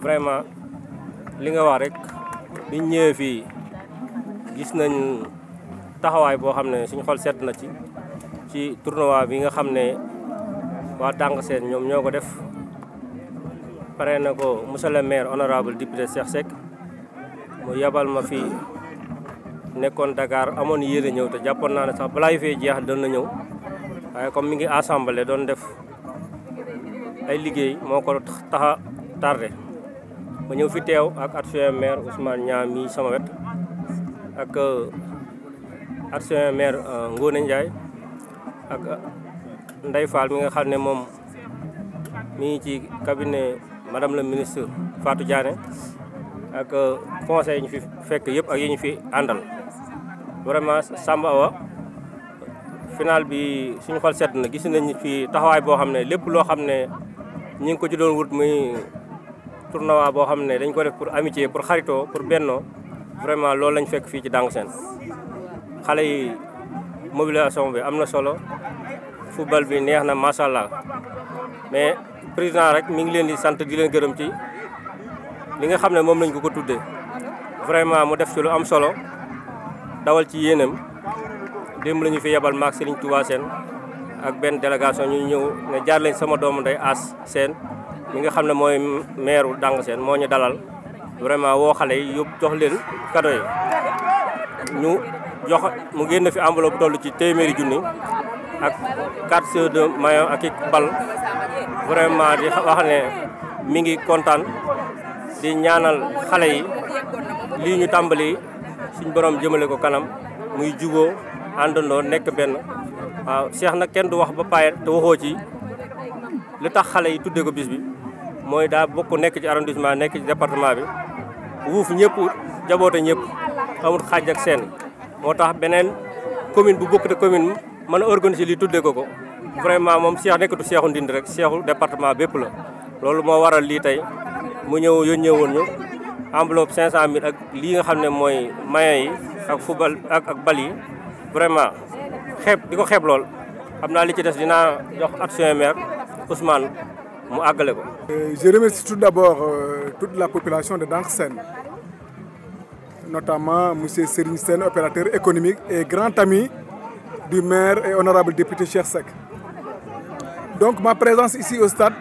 vraiment li nga wax rek biñ ñëwee fii gis nañ taxawaay boo xam ne suñu xol sedd na ci ci tournoi bi nga xam ne waa Tànk seet ñoom ñoo ko def pare na ko monsieur le maire honorable député Cheikh Seck mu yabal ma fii nekkoon Dakar amoon yéene ñëw te jàppoon naa ne sax balaa yu fee jeex doon na ñëw waaye comme mi ngi assemblée doon def ay liggéey moo ko taxa tardé ma ñëw fi teew ak adjoint maire Ousmane Niang mi sama wet ak euh, adjoint maire euh, Ngone Ndiaye ak euh, Ndeye Fall mi nga xam ne moom mi ngi ci cabinet madame la ministre faatu Diané ak conseil yi ñu fi fekk yëpp ak yi ñu fi àndal vraiment Samba Awa bi suñu xol sedd na gis nañu fi taxawaay boo xam ne lépp loo xam ne ñi ngi ko ci doon wut muy tournoi boo xam ne dañ ko def pour amitié pour xaritoo pour bennoo vraiment lool lañ fekk fii ci Dangu Sène xale yi mobilisation bi am na solo football bi neex na macha allah mais président rek mi ngi leen di sant di leen gërëm ci li nga xam ne moom lañ ko ko tuddee vraiment mu def ci lu am solo dawal ci yéenam démb la ñu fi yebal maak Serigne Touba Sène ak benn délégation ñu ñëw ne jaar sama doomu ndey As seen mi nga xam ne mooy maire wu Dàngu moo ñu dalal vraiment woo xale yi yóbbu jox leen cadeau yi ñu jox mu génn fi enveloppe toll ci téeméeri junni ak 4 sœurs de maillot ak i bal vraiment di wax ne mi ngi kontaan di ñaanal xale yi lii ñu tàmbali suñ borom jëmale ko kanam muy juboo àndandoo nekk benn waaw Cheikh na kenn du wax ba paye te waxoo ci li tax xale yi tuddee ko bis bi mooy daa bokk nekk ci arrondissement nekk ci département bi wuuf ñëpp jaboote ñëpp amul xaaj ak seen moo tax beneen commune bu bokk te commune mën a organiser li tuddee ko ko vraiment moom Cheikh nekkatu Cheikhu Ndindi rek Cheikhu département bépp la loolu moo waral lii tey mu ñëw yónnee woon ñu enveloppe 500000 ak lii nga xam ne mooy mayen yi ak football ak ak bal yi vraiment xeeb di ko xeeb lool xam naa li ci des dinaa jox action maire Ousmane mu àggale ko. je remercie tout d'abord euh, toute la population de Danksen notamment monsieur Serigne Sène opérateur économique et grand ami du maire et honorable député Cheikh sec donc ma présence ici au stade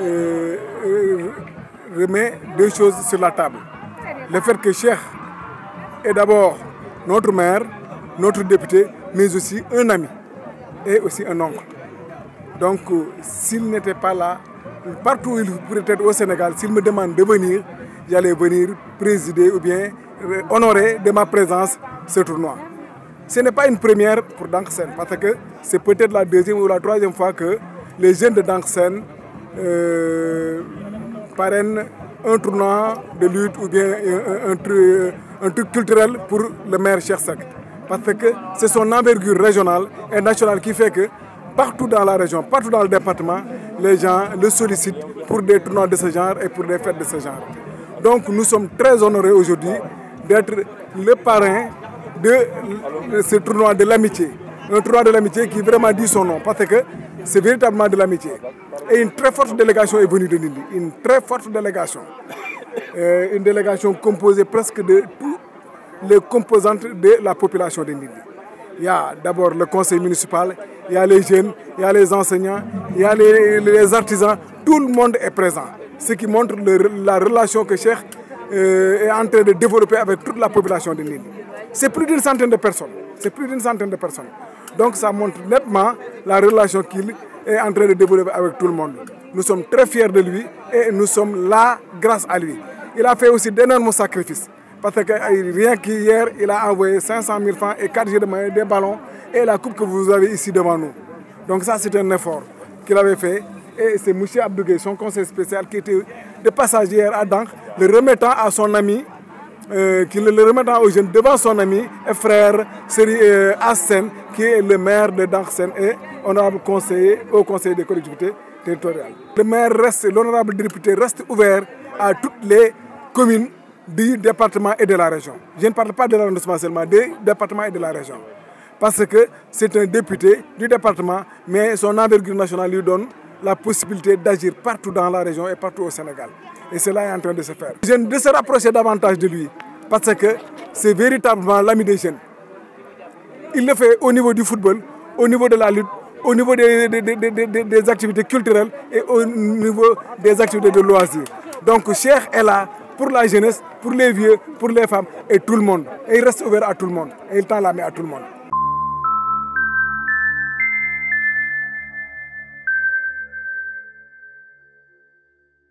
euh, euh, remet deux choses sur la table le fait que Cheikh est d'abord notre maire notre député mais aussi un ami et aussi un oncle Donc, s'il n'était pas là, partout où il pourrait être au Sénégal, s'il me demande de venir, j'allais venir présider ou bien euh, honorer de ma présence ce tournoi. Ce n'est pas une première pour Danksen, parce que c'est peut-être la deuxième ou la troisième fois que les jeunes de Danksen euh, parrainent un tournoi de lutte ou bien un, euh, un, truc, euh, un pour le maire Cheikh Parce que c'est son envergure régionale et nationale qui fait que partout dans la région, partout dans le département, les gens le sollicitent pour des tournois de ce genre et pour des fêtes de ce genre. Donc nous sommes très honorés aujourd'hui d'être le parrain de ce tournoi de l'amitié. Un tournoi de l'amitié qui vraiment dit son nom parce que c'est véritablement de l'amitié. Et une très forte délégation est venue de Nindi, une très forte délégation. Euh, une délégation composée presque de tous les composantes de la population de Nindi. Il y a d'abord le conseil municipal, il les jeunes, il les enseignants, il y a les, artisans, tout le monde est présent. Ce qui montre la relation que Cheikh euh, est en train de développer avec toute la population de l'île. C'est plus d'une centaine de personnes. C'est plus d'une centaine de personnes. Donc ça montre nettement la relation qu'il est en de développer avec tout le monde. Nous sommes très fiers de lui et nous sommes là grâce à lui. Il a fait aussi d'énormes sacrifices. Parce que rien qu'hier, il a envoyé 500 000 francs et 4 jeux de maillot, des ballons et la coupe que vous avez ici devant nous. Donc ça, c'est un effort qu'il avait fait. Et c'est M. Abdougué, son conseil spécial, qui était de passage hier à Dank, le remettant à son ami, euh, qui le, le remettant aux jeunes devant son ami et frère Seri euh, Assen, qui est le maire de Dank-Sen et honorable conseiller au conseil des collectivités territoriales. Le maire reste, l'honorable député reste ouvert à toutes les communes du département et de la région. Je ne parle pas de l'arrondissement seulement, des départements et de la région. Parce que c'est un député du département, mais son envergure nationale lui donne la possibilité d'agir partout dans la région et partout au Sénégal. Et cela est en train de se faire. Les jeunes de se rapprocher davantage de lui, parce que c'est véritablement l'ami des jeunes. Il fait au niveau du football, au niveau de la lutte, au niveau des, des, des, des activités culturelles et au niveau des activités de loisirs. Donc Cher est là pour la jeunesse, pour les vieux, pour les femmes et le monde. il reste ouvert à tout le monde. Et il tend la main à tout le monde.